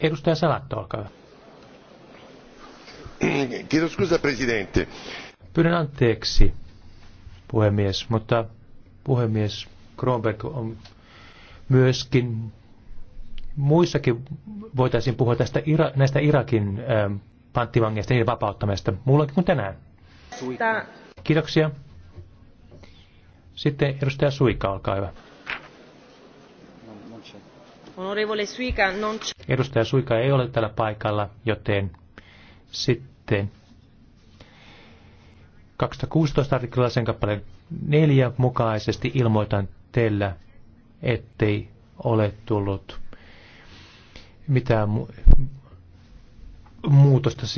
Edustaja Salatto, olkaa hyvä. Kiitos, scusa, presidentti. Pyydän anteeksi, puhemies, mutta puhemies Kronberg on myöskin muissakin voitaisiin puhua tästä Ira, näistä Irakin ähm, panttivangeista, niiden vapauttamista, muullakin kuin tänään. Suika. Kiitoksia. Sitten edustaja Suika, olkaa hyvä. Onorevole Suika, non Edustaja Suika ei ole tällä paikalla, joten sitten 2016 artikkelilla sen kappaleen neljä mukaisesti ilmoitan teillä, ettei ole tullut mitään muutosta